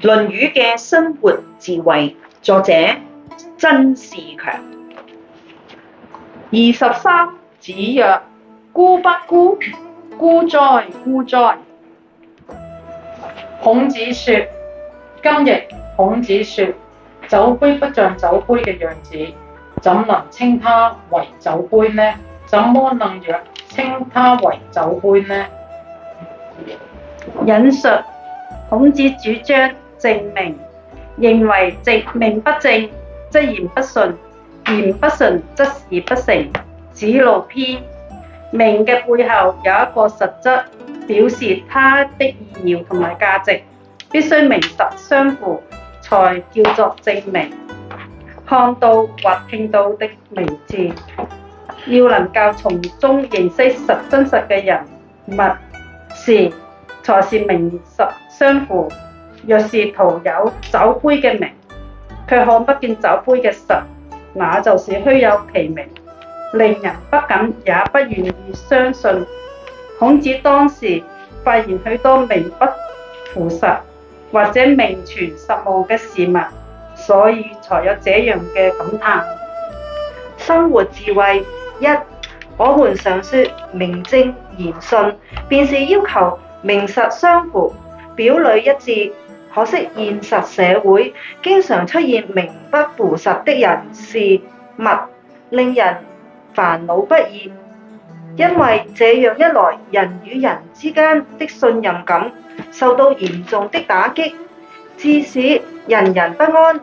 《論語》嘅生活智慧，作者曾仕強。二十三，子曰：觚不觚，觚哉，觚哉。孔子説：今日孔子説，酒杯不像酒杯嘅樣子，怎能稱它為酒杯呢？怎麼能若稱它為酒杯呢？引述孔子主張。正名認為正名不正，則言不順；言不順，則事不成。子路篇。名嘅背後有一個實質，表示它的意義同埋價值，必須名實相符，才叫做正名。看到或聽到的名字，要能夠從中認識實真實嘅人物事，才是名實相符。若是徒有酒杯嘅名，卻看不見酒杯嘅實，那就是虛有其名，令人不敢也不願意相信。孔子當時發現許多名不符實或者名存實亡嘅事物，所以才有這樣嘅感嘆。生活智慧一，我們常説明正言順，便是要求名實相符、表裏一致。可惜現實社會經常出現名不符實的人事物，令人煩惱不已。因為這樣一來，人與人之間的信任感受到嚴重的打擊，致使人人不安，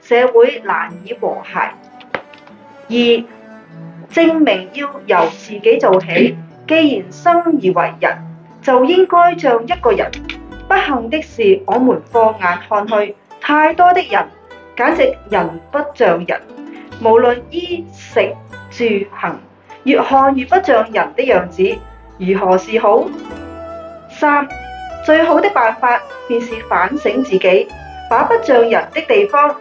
社會難以和諧。二，證明要由自己做起。既然生而為人，就應該像一個人。不幸的是，我們放眼看去，太多的人，簡直人不像人，無論衣食住行，越看越不像人的樣子，如何是好？三，最好的辦法便是反省自己，把不像人的地方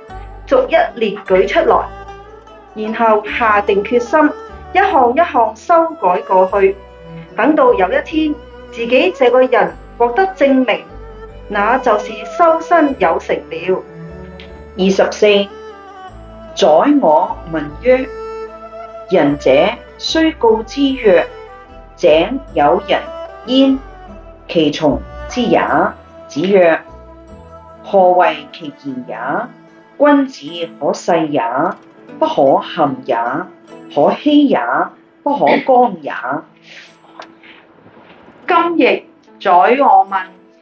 逐一列舉出來，然後下定決心，一項一項修改過去，等到有一天，自己這個人獲得證明。那就是修身有成了。二十四，宰我問曰：仁者，雖告之曰，井有人焉，其從之也？子曰：何為其言也？君子可逝也，不可陷也，可欺也，不可干也。今亦宰我問。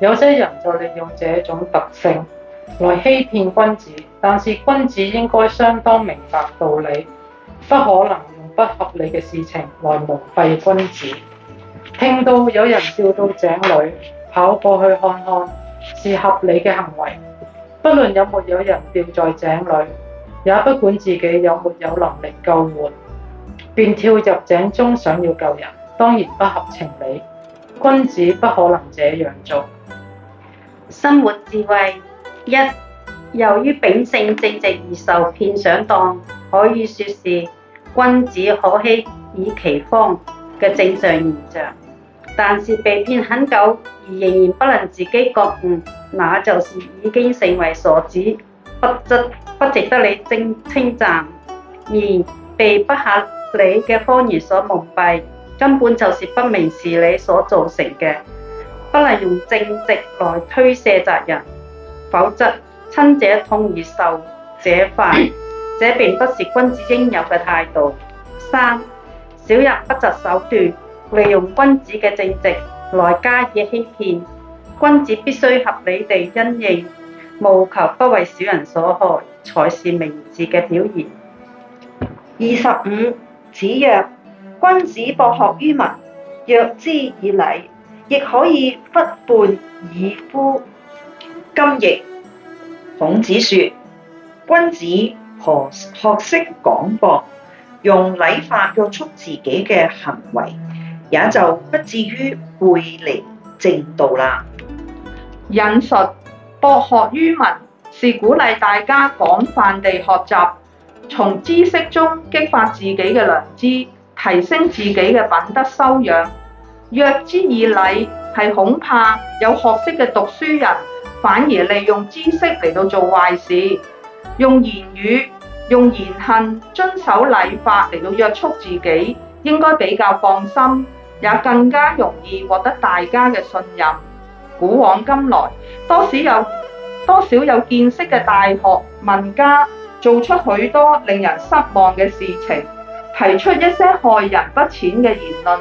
有些人就利用這種特性來欺騙君子，但是君子應該相當明白道理，不可能用不合理嘅事情來蒙蔽君子。聽到有人掉到井裏，跑過去看看，是合理嘅行為。不論有沒有人掉在井裏，也不管自己有沒有能力救援，便跳入井中想要救人，當然不合情理。君子不可能這樣做。生活智慧一，由於秉性正直而受騙上當，可以說是君子可欺以其方嘅正常現象。但是被騙很久而仍然不能自己覺悟，那就是已經成為傻子，不值不值得你正稱讚。二，被不合理嘅謊言所蒙蔽，根本就是不明事理所造成嘅。不能用正直來推卸責任，否則親者痛而仇者快，這並不是君子應有嘅態度。三，小人不擇手段，利用君子嘅正直來加以欺騙，君子必須合理地因應，務求不為小人所害，才是明智嘅表現。二十五，子曰：君子博學於文，約之以禮。亦可以弗畔矣夫。今譯，孔子說，君子何學識廣博，用禮法約束自己嘅行為，也就不至於背離正道啦。引述：博學於文，是鼓勵大家廣泛地學習，從知識中激發自己嘅良知，提升自己嘅品德修養。約之以禮，係恐怕有學識嘅讀書人反而利用知識嚟到做壞事，用言語、用言行遵守禮法嚟到約束自己，應該比較放心，也更加容易獲得大家嘅信任。古往今來，多少有多少有見識嘅大學問家，做出許多令人失望嘅事情，提出一些害人不淺嘅言論。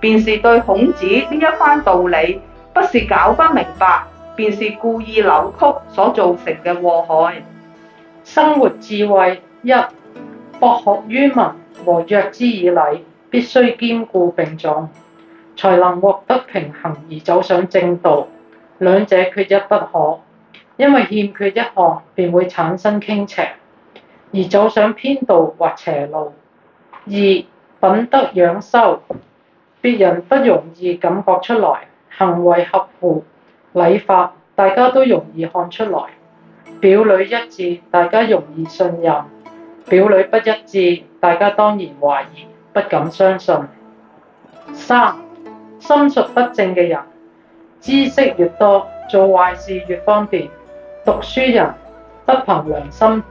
便是對孔子呢一番道理，不是搞不明白，便是故意扭曲所造成嘅禍害。生活智慧一：博學於文，和約之以禮，必須兼顧並重，才能獲得平衡而走上正道。兩者缺一不可，因為欠缺一項，便會產生傾斜，而走上偏道或邪路。二：品德養修。別人不容易感覺出來，行為合乎禮法，大家都容易看出來。表裏一致，大家容易信任；表裏不一致，大家當然懷疑，不敢相信。三、心術不正嘅人，知識越多，做壞事越方便。讀書人不憑良心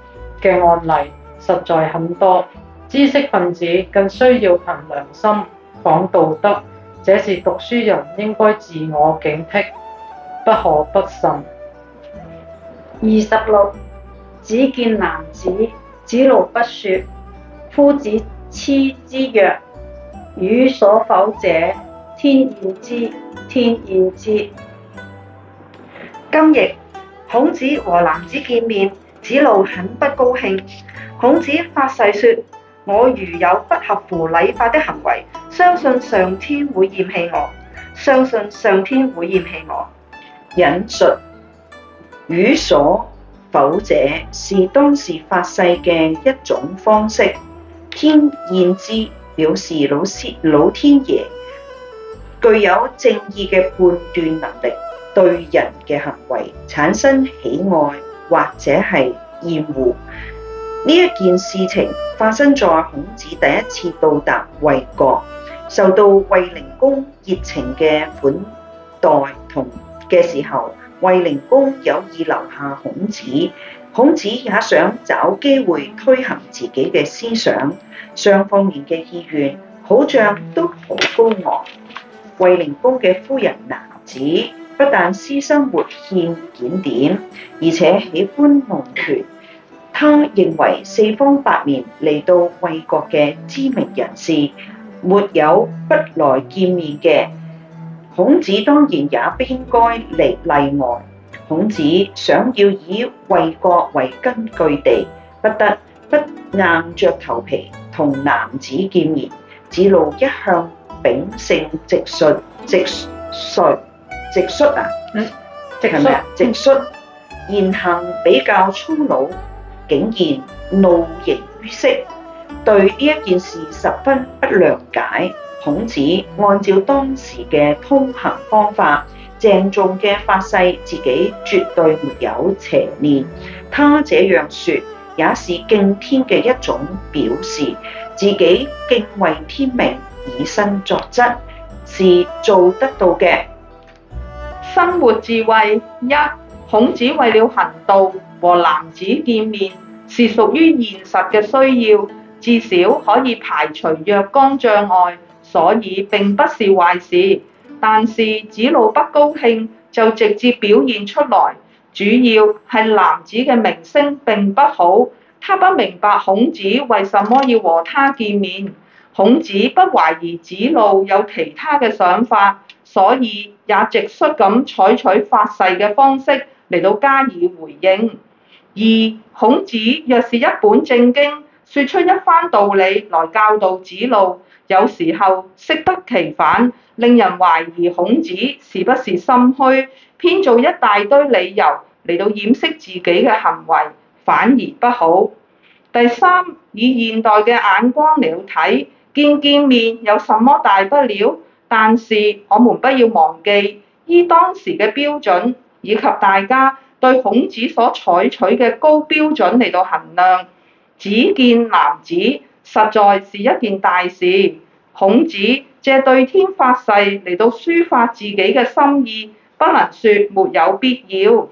嘅案例實在很多，知識分子更需要憑良心。講道德，這是讀書人應該自我警惕，不可不慎。二十六，子見南子，子路不説。夫子矢之曰：予所否者，天厭之，天厭之。今日孔子和南子見面，子路很不高興。孔子發誓說：我如有不合乎禮法的行為，相信上天會厭棄我，相信上天會厭棄我。引述予所否者，是當時發誓嘅一種方式。天厭之，表示老師老天爺具有正義嘅判斷能力，對人嘅行為產生喜愛或者係厭惡。呢一件事情發生在孔子第一次到達衛國。受到衛靈公熱情嘅款待同嘅時候，衛靈公有意留下孔子，孔子也想找機會推行自己嘅思想，雙方面嘅意願好像都好高昂。衛靈公嘅夫人南子不但私生活欠檢點，而且喜歡弄權。她認為四方八面嚟到衛國嘅知名人士，沒有不來見面嘅，孔子當然也不應該嚟例外。孔子想要以衛國為根據地，不得不硬著頭皮同南子見面。子路一向秉性直率，直率，直率啊，直係咪啊，直率，言行比較粗魯，竟然怒形於色。對呢件事十分不諒解。孔子按照當時嘅通行方法，鄭重嘅發誓自己絕對沒有邪念，他這樣說也是敬天嘅一種表示，自己敬畏天命，以身作則，是做得到嘅。生活智慧一，孔子為了行道和男子見面，是屬於現實嘅需要。至少可以排除若干障礙，所以並不是壞事。但是子路不高興，就直接表現出來，主要係男子嘅名聲並不好。他不明白孔子為什麼要和他見面。孔子不懷疑子路有其他嘅想法，所以也直率咁採取發誓嘅方式嚟到加以回應。而孔子若是一本正經。說出一番道理來教導指路，有時候適得其反，令人懷疑孔子是不是心虛，編造一大堆理由嚟到掩飾自己嘅行為，反而不好。第三，以現代嘅眼光嚟到睇，見見面有什麼大不了？但是我們不要忘記，依當時嘅標準，以及大家對孔子所採取嘅高標準嚟到衡量。子見南子，實在是一件大事。孔子借對天發誓嚟到抒發自己嘅心意，不能說沒有必要。